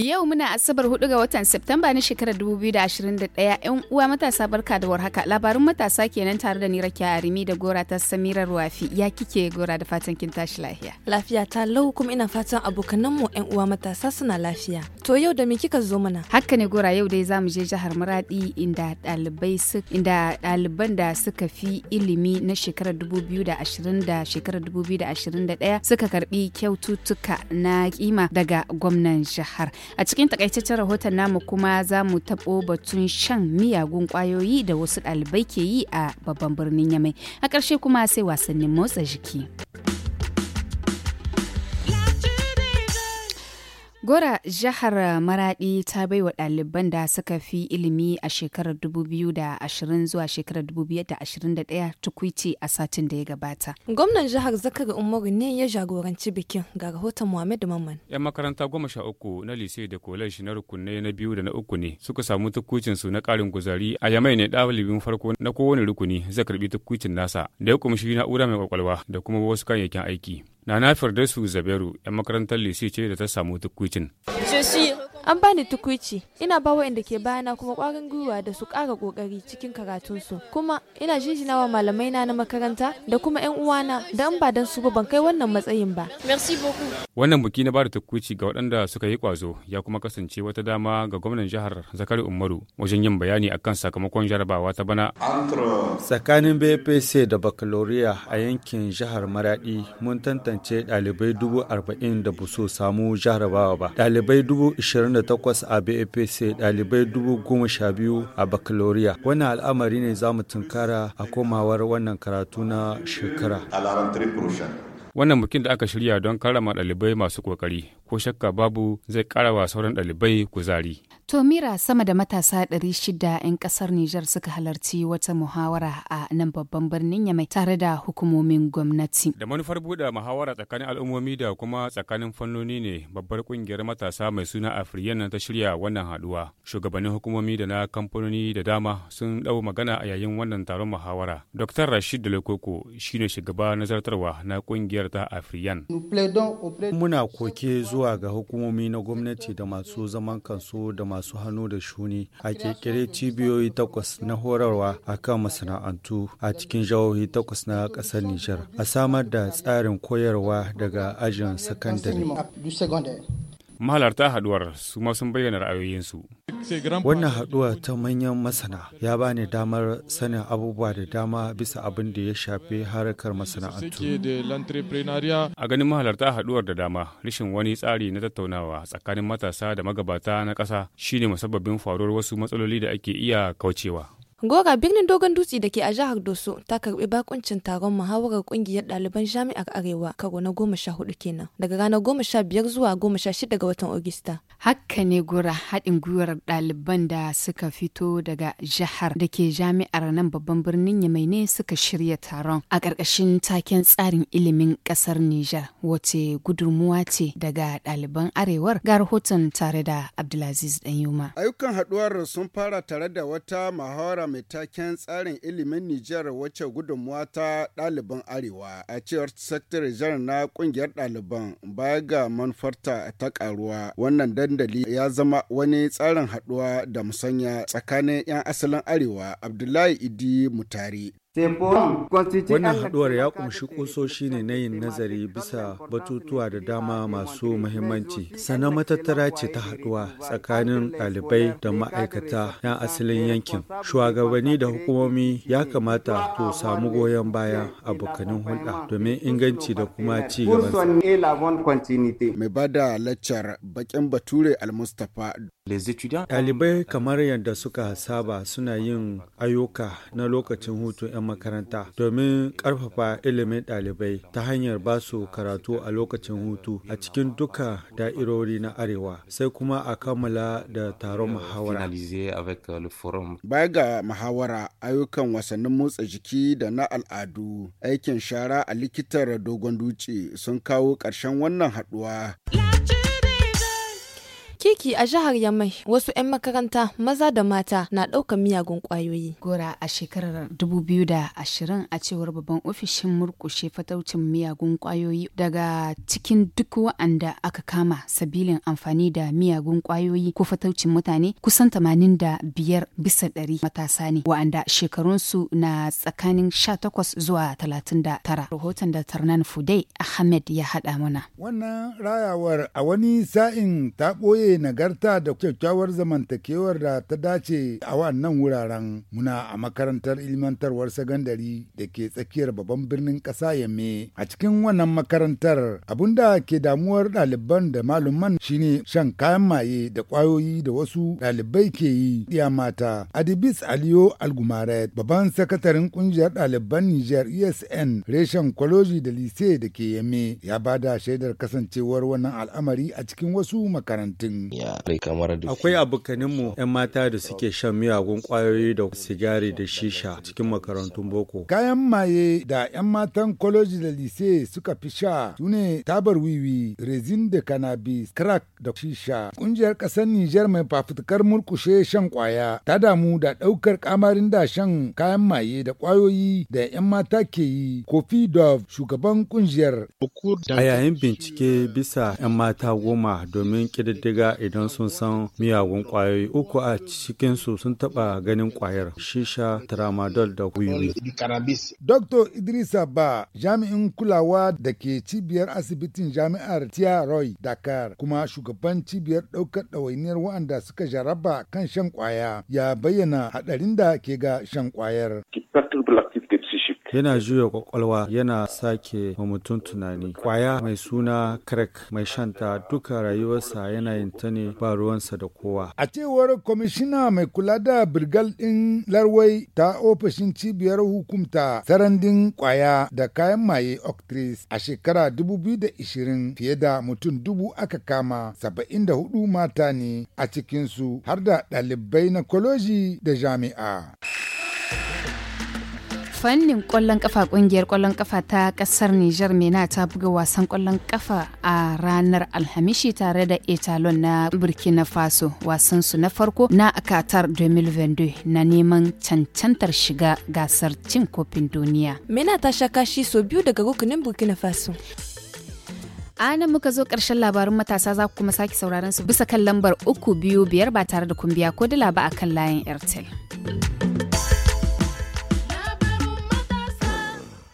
Yau muna Asabar 4 ga watan septemba na shekarar 2021 'yan uwa matasa barka da warhaka labarin matasa kenan tare da nira kyarimi da Gora ta Samira Ruwafi ya kike Gora da fatan kin tashi lafiya. Lafiya ta lau kuma ina fatan abokanan mu 'yan uwa matasa suna lafiya. To yau da me kika zo mana? Haka ne Gora yau dai zamu je jihar muradi inda ɗalibai su inda ɗaliban da suka fi ilimi na shekarar 2020 da shekarar 2021 suka karbi kyaututtuka na kima daga gwamnan jihar. A cikin takaitaccen rahoton namu kuma za mu taɓo batun shan miyagun kwayoyi da wasu ɗalibai ke yi a babban birnin Yamai. A ƙarshe kuma sai wasannin motsa jiki. Gora jihar maraɗi ta bai wa ɗaliban da suka fi ilimi a shekarar 2020 zuwa shekarar 2021 tukwici a satin da ya gabata. Gwamnan jihar zakar Umaru ne ya jagoranci bikin ga rahoton Muhammadu Mamman. 'Yan makaranta goma sha uku na lise da kolej na rukunai na biyu da na uku ne suka samu tukwicin su na ƙarin guzari a yamai ne ɗalibin farko na kowane rukuni zai karɓi tukwicin nasa da ya kumshi na'ura mai kwakwalwa da kuma wasu kayayyakin aiki. Nana Firdausu Zaberu, 'yan makarantar lise ce da ta samu tukwicin. an bani tukuici ina ba waɗanda ke bayana kuma kwarin gwiwa da su kara ƙoƙari cikin karatunsu kuma ina jinjinawa malamai na na makaranta da kuma 'yan uwana da an ba dan su ba ban kai wannan matsayin ba wannan buki na bada tukuici ga waɗanda suka yi ƙwazo ya kuma kasance wata dama ga gwamnan jihar zakari umaru wajen yin bayani akan sakamakon jarabawa ta bana tsakanin bpc da baccalaureate a yankin jihar maraɗi mun tantance ɗalibai dubu arba'in da ba su samu jarabawa ba ɗalibai dubu ishirin 28 a BAPC ɗalibai 12,000 a baccalaureate. Wannan al'amari ne za mu tunkara a komawar wannan karatu na shekara. Wannan bikin da aka shirya don karama ɗalibai masu ƙoƙari, ko shakka babu zai ƙara wa sauran ɗalibai kuzari. To Mira sama da matasa 600 'yan kasar Nijar suka halarci wata muhawara a nan babban birnin Yamai tare da hukumomin gwamnati. Da manufar buɗe muhawara tsakanin al'ummomi da kuma tsakanin fannoni ne babbar kungiyar matasa mai suna Afriyan ta shirya wannan haɗuwa. Shugabannin hukumomi da na kamfanoni da dama sun ɗau magana a yayin wannan taron muhawara. Dr. Rashid Dalekoko shine shugaba nazartarwa na kungiyar ta Afriyan. Muna koke zuwa ga hukumomi na gwamnati da masu zaman kansu da masu masu hannu da shuni a kekere cibiyoyi takwas na horarwa a kan masana'antu a cikin jihohi takwas na ƙasar Nijar. A samar da tsarin koyarwa daga ajin sakandare. Mahalarta haduwar su ma sun bayyana ra'ayoyinsu. Wannan haduwa ta manyan masana ya bani damar sanin abubuwa da dama bisa abin da ya shafi harkar masana'antu. A ganin mahalarta haduwar da dama, rashin wani tsari na tattaunawa tsakanin matasa da magabata na ƙasa shine musabbabin faruwar wasu matsaloli da ake iya kaucewa. gora birnin Dogon Dutse da ke a jihar Doso ta karbi bakuncin taron muhawarar kungiyar ɗaliban jami'ar Arewa karo na goma sha hudu kenan daga ranar goma sha biyar zuwa goma sha shida ga watan Ogista. Hakka ne gora haɗin gwiwar ɗaliban da suka fito daga jihar da ke jami'ar nan babban birnin Yamai ne suka shirya taron a ƙarƙashin taken tsarin ilimin ƙasar Nijar wace gudunmuwa ce daga ɗaliban Arewar ga rahoton tare da Abdulaziz Danyuma. Ayyukan haɗuwar sun fara tare da wata muhawara mai taken tsarin ilimin Nijar wacce gudunmuwa ta ɗaliban Arewa a cewar Sakatare Jar na ƙungiyar ɗaliban baya ga manufarta ta ƙaruwa. Wannan dandali ya zama wani tsarin haɗuwa da musanya tsakanin 'yan asalin Arewa Abdullahi Idi Mutari Wannan haɗuwar ya ƙunshi ƙusoshi ne na yin nazari bisa batutuwa da dama masu muhimmanci. Sannan matattara ce ta haɗuwa tsakanin ɗalibai da ma'aikata na asalin yankin. Shugabanni da hukumomi ya kamata su samu goyon baya a bukanin hulɗa domin inganci da kuma ci gaban. Eh, Mai bada laccar baƙin bature Al-Mustapha Ɗalibai kamar yadda suka saba suna yin ayyuka na lokacin hutu 'yan makaranta domin ƙarfafa ilimin ɗalibai ta hanyar ba su karatu a lokacin hutu a cikin duka da'irori na Arewa sai kuma a kammala da taron muhawara. Euh, Baya ga muhawara ayyukan wasannin motsa jiki da na al'adu aikin shara a likitar dogon duce sun kawo ƙarshen wannan haɗuwa. aiki a jihar Yamai wasu 'yan makaranta maza da mata na ɗaukar miyagun ƙwayoyi. Gora a shekarar 2020 a cewar babban ofishin murƙushe fataucin miyagun ƙwayoyi daga cikin duk wa'anda aka kama sabilin amfani da miyagun ƙwayoyi ko fataucin mutane kusan tamanin da biyar bisa ɗari matasa ne wa'anda shekarunsu na tsakanin sha takwas zuwa talatin da tara Rahoton da Tarnan Fudai Ahmed ya haɗa mana. Wannan rayawar a wani sa'in ta ɓoye na nagarta da kyakkyawar zamantakewar da ta dace a wannan wuraren muna a makarantar ilmantarwar sagandari da ke tsakiyar babban birnin ƙasa yamme a cikin wannan makarantar abinda ke damuwar ɗaliban da malaman shine shan kayan maye da ƙwayoyi da wasu ɗalibai ke yi iya mata adibis aliyo algumaret babban sakataren ƙungiyar ɗaliban niger esn reshen kwaloji da lise da ke yamme ya bada shaidar kasancewar wannan al'amari a cikin wasu makarantun. duniya kamar akwai mu 'yan mata da suke shan miyagun kwayoyi da sigari da shisha cikin makarantun boko kayan maye da 'yan matan kwaloji da lise suka fi sha su ne tabar wiwi resin da cannabis crack da shisha kungiyar ƙasar nijar mai fafutukar murkushe shan kwaya ta damu da ɗaukar kamarin da shan kayan maye da kwayoyi da 'yan mata ke yi kofi dove shugaban kungiyar a yayin bincike bisa 'yan mata goma domin kididdiga idan sun san miyagun kwayoyi uku a cikinsu sun taɓa ganin kwayar shisha tramadol da wiwi. Dr. Idrisa Ba jami'in kulawa da ke cibiyar asibitin jami'ar Tia Roy Dakar kuma shugaban cibiyar ɗaukar ɗawainiyar waɗanda suka jaraba kan shan kwaya ya bayyana haɗarin da ke ga shan kwayar. yana juya kwakwalwa yana sake wa mutum tunani kwaya mai suna crack mai shanta duka rayuwarsa yana yin ta ne ba ruwansa da kowa a cewar kwamishina mai kula da birgal ɗin larwai ta ofishin cibiyar hukumta sarandin kwaya da kayan maye octris a shekara 2020 fiye da mutum dubu aka kama 74 mata ne a cikinsu har da ɗalibai na koloji da jami'a. fannin kwallon kafa kungiyar kwallon kafa ta kasar Nijar Mena ta buga wasan kwallon kafa a ranar Alhamishi tare da Etalon na Burkina Faso wasan su na farko na akatar 2022 na neman cancantar shiga gasar cin kofin duniya. Mena ta sha kashi sau biyu daga rukunin Burkina Faso. ana muka zo ƙarshen labarin matasa za ku kuma sake sauraron su bisa kan lambar uku biyu biyar ba tare da kumbiya ko dala ba a kan layin airtel.